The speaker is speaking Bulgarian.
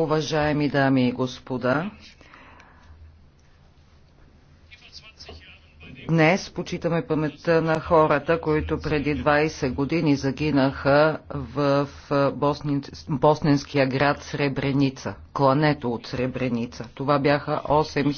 Уважаеми дами и господа, днес почитаме паметта на хората, които преди 20 години загинаха в босненския град Сребреница, клането от Сребреница. Това бяха 8